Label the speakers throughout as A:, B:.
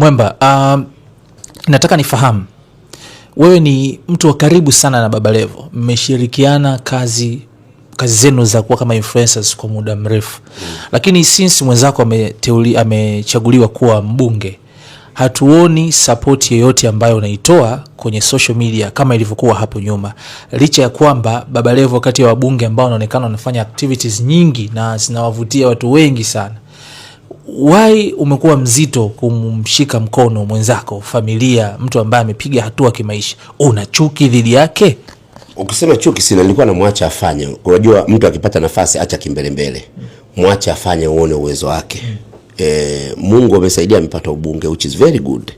A: Mwemba, um, nataka nifahamu wewe ni mtu wa karibu sana na Baba Levo, mmeshirikiana kazi kazi zenu za kuwa kama influencers kwa muda mrefu mm. Lakini since mwenzako amechaguliwa kuwa mbunge, hatuoni sapoti yoyote ambayo unaitoa kwenye social media kama ilivyokuwa hapo nyuma, licha ya kwamba Baba Levo kati ya wabunge ambao wanaonekana wanafanya activities nyingi na zinawavutia watu wengi sana wai umekuwa mzito kumshika mkono mwenzako, familia, mtu ambaye amepiga hatua kimaisha? Una chuki dhidi yake?
B: Ukisema chuki, sina, nilikuwa namwacha afanye. Unajua, mtu akipata nafasi acha kimbelembele, mwache afanye, uone uwezo wake. E, Mungu amesaidia amepata ubunge which is very good.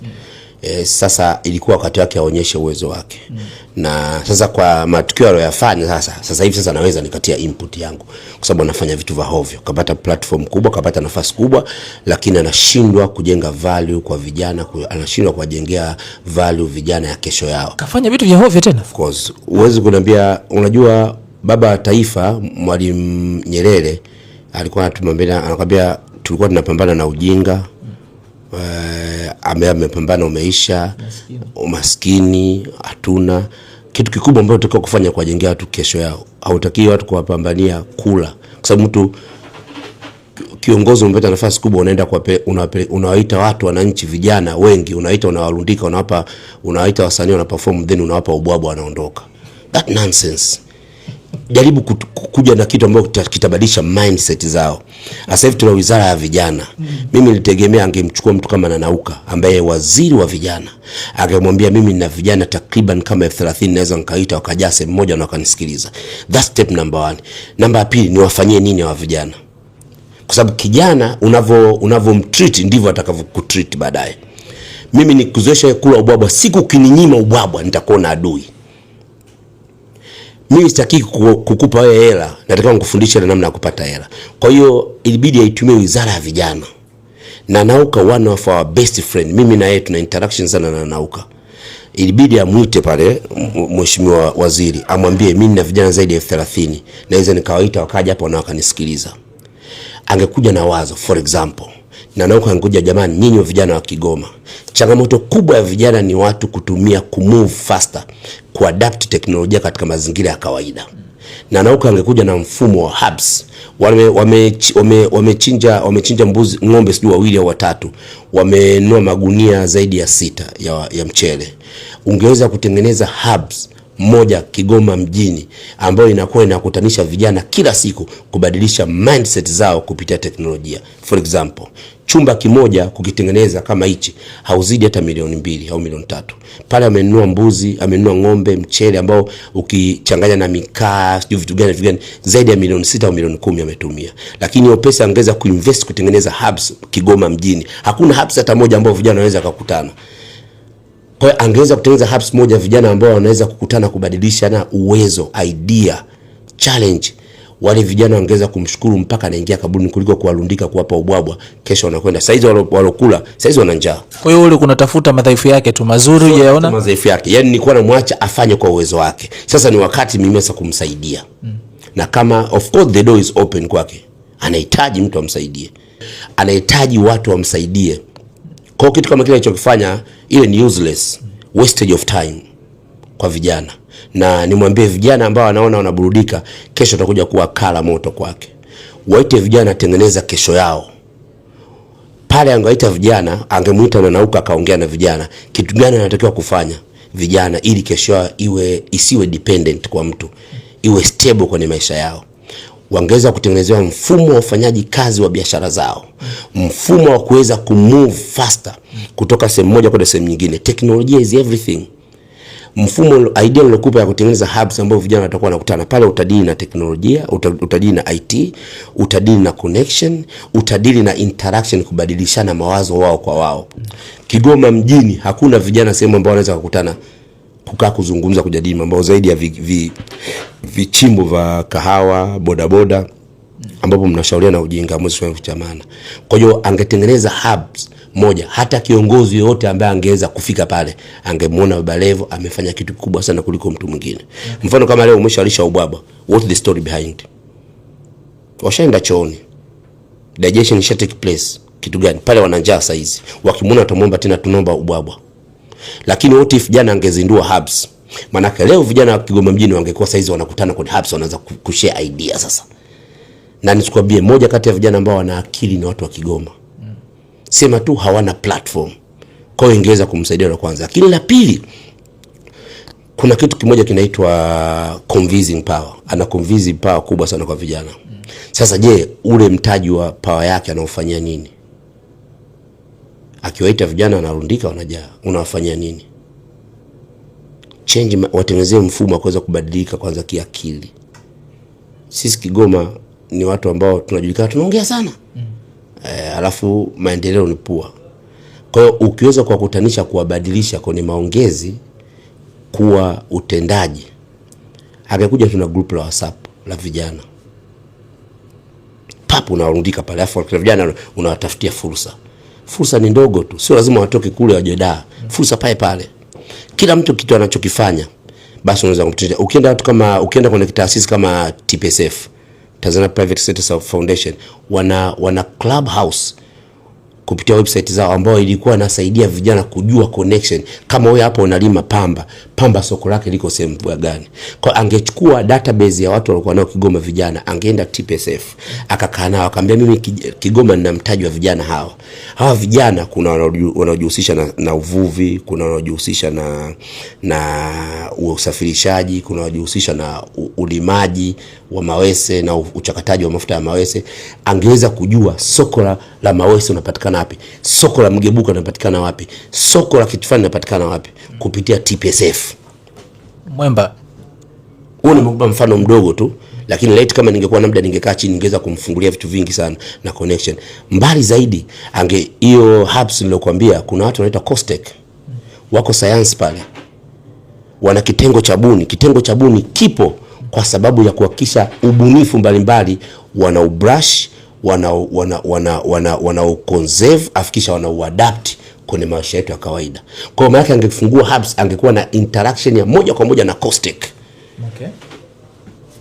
B: E, sasa ilikuwa wakati wake aonyeshe uwezo wake mm. Na sasa kwa matukio aliyoyafanya sasa, sasa hivi sasa naweza nikatia input yangu, kwa sababu anafanya vitu vya hovyo, kapata platform kubwa, kapata nafasi kubwa, lakini anashindwa kujenga value kwa vijana, anashindwa kuwajengea value vijana ya kesho yao.
A: Kafanya vitu vya hovyo tena, of
B: course uwezi kuniambia. Unajua baba wa taifa Mwalimu Nyerere alikuwa anatumambia, anakwambia tulikuwa tunapambana na ujinga Eh, ambaye amepambana umeisha, umaskini hatuna kitu kikubwa ambacho tunatakiwa kufanya kuwajengea watu kesho yao. hautakii watu kuwapambania kula, kwa sababu mtu kiongozi umepata nafasi kubwa, unaenda unawaita watu wananchi vijana wengi, unawaita unawarundika, unawapa unawaita wasanii wana perform then unawapa ubwabwa, wanaondoka. That nonsense jaribu kuja na kitu ambacho kitabadilisha mindset zao. Sasa hivi tuna wizara ya vijana mm. Mimi nilitegemea angemchukua mtu kama Nanauka ambaye waziri wa vijana angemwambia mimi na vijana takriban kama elfu thelathini naweza nikaita wakajaa sehemu moja na wakanisikiliza. That's step number one. Namba ya pili ni wafanyie nini wa vijana, kwa sababu kijana unavyo unavyomtreat ndivyo atakavyokutreat baadaye. Mimi nikuzoesha kula ubwabwa, siku kininyima ubwabwa nitakuwa na adui mimi sitaki kukupa wewe hela, nataka nikufundishe na namna ya kupata hela. Kwa hiyo ilibidi aitumie Wizara ya Vijana na Nauka, one of our best friend, mimi na yeye tuna interaction sana na Nauka. Ilibidi amwite pale mheshimiwa waziri, amwambie mimi na vijana zaidi ya elfu thelathini naweza nikawaita wakaja hapa na wakanisikiliza. Angekuja na wazo for example na nauka nguja, jamani, nyinyi vijana wa Kigoma, changamoto kubwa ya vijana ni watu kutumia kumove faster, kuadapt teknolojia katika mazingira ya kawaida na nauka angekuja na mfumo wa hubs wamechinja wame, wame, wamechinja mbuzi ng'ombe sijui wawili au watatu, wamenua magunia zaidi ya sita ya, ya mchele. Ungeweza kutengeneza hubs moja Kigoma mjini ambayo inakuwa inakutanisha vijana kila siku kubadilisha mindset zao kupitia teknolojia. For example, chumba kimoja kukitengeneza kama hichi hauzidi hata milioni mbili au milioni tatu. Pale amenunua mbuzi, amenunua ng'ombe, mchele ambao ukichanganya na mikaa, sio vitu gani vitu gani, zaidi ya milioni sita au milioni kumi ametumia. Lakini hiyo pesa angeweza kuinvest kutengeneza hubs Kigoma mjini. Hakuna hubs hata moja ambao vijana wanaweza kukutana. Kwa hiyo angeweza kutengeneza hubs moja vijana ambao wanaweza kukutana kubadilishana uwezo, idea, challenge. Wale vijana wangeweza kumshukuru mpaka anaingia kaburi kuliko kuwarundika kuwapa ubwabwa, kesho wanakwenda. Saizi walokula, saizi wana njaa.
A: Kwa hiyo yule tafuta madhaifu yake tu, mazuri so, yaona
B: madhaifu yake. Yaani nilikuwa namwacha afanye kwa uwezo wake. Sasa ni wakati mimi sasa kumsaidia. Mm. Na kama of course the door is open kwake. Anahitaji mtu amsaidie. Anahitaji watu wamsaidie. Kwa kitu kama kile alichokifanya ile ni useless, wastage of time kwa vijana, na nimwambie vijana ambao wanaona wanaburudika, kesho utakuja kuwa kala moto kwake. Waite vijana, tengeneza kesho yao pale. Angewaita vijana, angemuita Mwanauka akaongea na vijana kitu gani anatakiwa kufanya vijana, ili kesho yao iwe isiwe dependent kwa mtu, iwe stable kwenye maisha yao wangeweza kutengenezewa mfumo wa ufanyaji kazi wa biashara zao, mfumo wa kuweza kumove faster kutoka sehemu moja kwenda sehemu nyingine. Teknolojia is everything. Mfumo idea nilokupa ya kutengeneza hubs ambayo vijana watakuwa wanakutana pale, utadili na teknolojia, utadili na IT, utadili na connection, utadili na interaction, kubadilishana mawazo wao kwa wao. Kigoma mjini hakuna vijana sehemu ambao wanaweza kukutana kukaa kuzungumza, kujadili mambo zaidi ya vichimbo vi, vi vya kahawa, bodaboda ambapo mnashauriana ujinga mwezi wa cha Kwa hiyo angetengeneza hubs moja, hata kiongozi yoyote ambaye angeweza kufika pale angemwona Baba Levo amefanya kitu kikubwa sana kuliko mtu mwingine. Mfano kama leo umeshalisha ubwabwa, what the story behind? Washaenda chooni, digestion isha take place, kitu gani pale? wananjaa saizi, saa hizi, wakimwona watamwomba tena, tunaomba ubwabwa. Lakini what if jana angezindua hubs? Maanake leo vijana wa Kigoma mjini wangekuwa saizi wanakutana kwenye hubs, wanaanza kushare idea sasa. Na nisikwambie, moja kati ya vijana ambao wana akili ni watu wa Kigoma, sema tu hawana platform. Kwa hiyo ingeweza kumsaidia la kwanza, lakini la pili kuna kitu kimoja kinaitwa convincing power. Ana convincing power kubwa sana kwa vijana. Sasa je, ule mtaji wa power yake anaofanyia nini? akiwaita vijana wanarundika, wanajaa, unawafanyia nini? Change, watengenezee mfumo wa kuweza kubadilika kwanza kiakili. Sisi Kigoma ni watu ambao tunajulikana tunaongea sana mm. E, alafu maendeleo ni pua. Kwa hiyo ukiweza kuwakutanisha, kuwabadilisha kwenye maongezi kuwa utendaji, akakuja tuna group la WhatsApp la vijana, papo unawarundika pale, alafu vijana unawatafutia fursa fursa ni ndogo tu, sio lazima watoke kule waje Dar, fursa pale pale, kila mtu kitu anachokifanya basi unaweza kumtendea. Ukienda watu kama ukienda kwenye taasisi kama TPSF Tanzania Private Sector Foundation, wana wana clubhouse kupitia website zao ambayo ilikuwa nasaidia vijana kujua connection. Kama wewe hapo unalima pamba, pamba soko lake liko sehemu gani? Kwa angechukua database ya watu walikuwa nao Kigoma vijana, angeenda TPSF akakaa nao akamwambia, mimi Kigoma nina mtaji wa vijana hawa hawa vijana, kuna wanaojihusisha na, na uvuvi, kuna wanaojihusisha na na usafirishaji, kuna wanaojihusisha na ulimaji wa mawese na uchakataji wa mafuta ya mawese, angeweza kujua soko la, la mawese unapatikana wapi, soko la mgebuka unapatikana wapi, soko la kitu fulani unapatikana wapi kupitia TPSF Mwemba. Huo nimekupa mfano mdogo tu, lakini late kama ningekuwa na muda ningekaa chini ningeweza kumfungulia vitu vingi sana na connection mbali zaidi. Ange hiyo hubs nilokuambia, kuna watu wanaita Costec wako science pale, wana kitengo cha buni. Kitengo cha buni kipo kwa sababu ya kuhakikisha ubunifu mbalimbali wana wanau wana, wana, wana, wana conserve afikisha wanauadapt kwenye maisha yetu ya kawaida. Kwa hiyo maana angefungua hubs angekuwa na interaction ya moja kwa moja na Costech. Okay.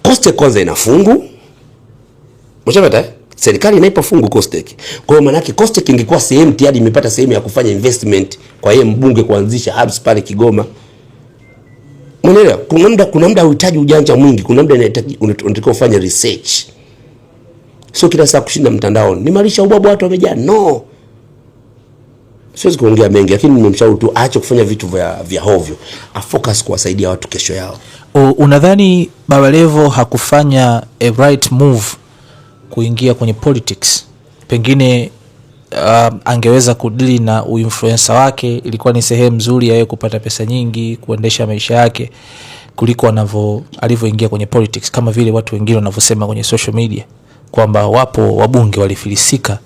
B: Costech kwanza ina fungu. Mshapata? Eh? Serikali inaipa fungu Costech. Kwa hiyo maana yake Costech ingekuwa sehemu tayari imepata sehemu ya kufanya investment kwa yeye mbunge kuanzisha hubs pale Kigoma. Unaelewa? Kuna muda kuna muda unahitaji ujanja mwingi, kuna muda unahitaji unataka ufanye research. Sio kila saa kushinda mtandaoni. Ni malisha ubwabwa watu wamejaa. No. Siwezi kuongea mengi lakini nimemshauri tu aache kufanya vitu vya vya hovyo. A focus kuwasaidia watu kesho yao.
A: O, unadhani Baba Levo hakufanya a right move kuingia kwenye politics? Pengine uh, angeweza kudili na uinfluensa wake, ilikuwa ni sehemu nzuri ya yeye kupata pesa nyingi kuendesha maisha yake kuliko anavyo alivyoingia kwenye politics, kama vile watu wengine wanavyosema kwenye social media kwamba wapo wabunge walifilisika.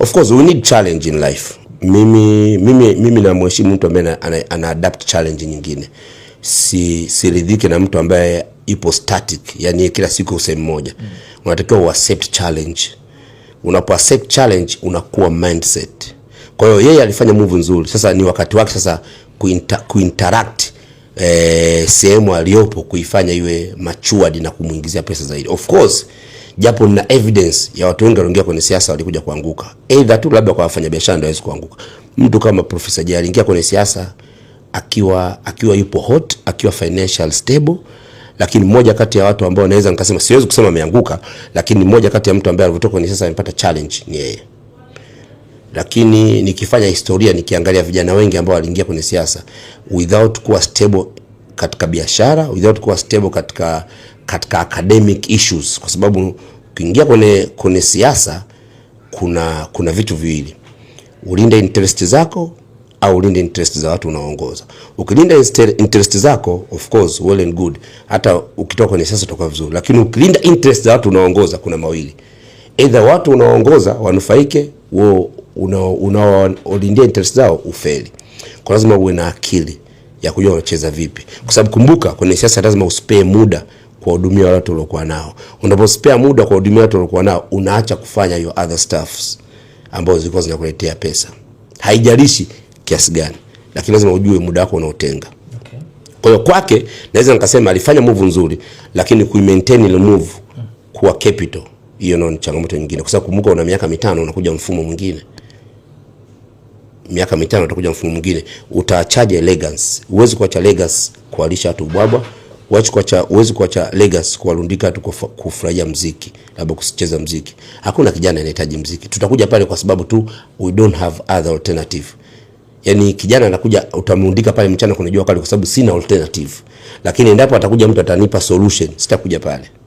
B: Of course we need challenge in life. Mimi, mimi, mimi namheshimu mtu ambaye ana, ana adapt challenge nyingine. Si siridhike na mtu ambaye ipo static, yani kila siku sehemu moja. Mm. Unatakiwa accept challenge unapo accept challenge unakuwa mindset. Kwa hiyo yeye alifanya move nzuri, sasa ni wakati wake sasa kuinter, kuinteract eh, sehemu aliyopo kuifanya iwe matured na kumuingizia pesa zaidi. Of course japo na evidence ya watu wengi waliingia kwenye siasa walikuja kuanguka, either tu labda kwa wafanyabiashara ndio hawezi kuanguka. Mtu kama Profesa Jay aliingia kwenye siasa akiwa akiwa yupo hot, akiwa financial stable lakini mmoja kati ya watu ambao naweza nikasema, siwezi kusema ameanguka, lakini mmoja kati ya mtu ambaye alivyotoka kwenye siasa amepata challenge ni yeye. Lakini nikifanya historia, nikiangalia vijana wengi ambao waliingia kwenye siasa without kuwa stable katika biashara, without kuwa stable katika, katika academic issues, kwa sababu kuingia kwenye, kwenye siasa kuna, kuna vitu viwili, ulinde interest zako au ulinde interest za watu unaoongoza. Ukilinda interest zako, of course well and good, hata ukitoka kwenye siasa utakuwa vizuri, lakini ukilinda interest za watu unaoongoza, kuna mawili, either watu unaoongoza wanufaike, wao unaolindia interest zao ufeli. Kwa lazima uwe na akili ya kujua unacheza vipi, kwa sababu kumbuka, kwenye siasa lazima uspee muda kuwahudumia watu waliokuwa nao. Unapospea muda kuwahudumia watu waliokuwa nao, unaacha kufanya your other stuffs ambazo zilikuwa zinakuletea pesa, haijalishi kiasi gani, lakini lazima ujue muda wako unaotenga. Kwa hiyo kwake naweza nikasema alifanya move nzuri, lakini ku maintain ile move kuwa capital, hiyo ndio changamoto nyingine, kwa sababu kumbuka, una miaka mitano unakuja mfumo mwingine miaka mitano utakuja mfumo mwingine, utaachaje legacy? Huwezi kuacha elegance kualisha watu ubwabwa, huwezi kuacha kuacha elegance kuwarundika watu kufurahia mziki, labda kusicheza mziki. Hakuna kijana anahitaji mziki, tutakuja pale kwa sababu tu we don't have other alternative yani kijana anakuja utamundika pale mchana kwenye jua kali, kwa sababu sina alternative. Lakini endapo atakuja mtu atanipa solution, sitakuja pale.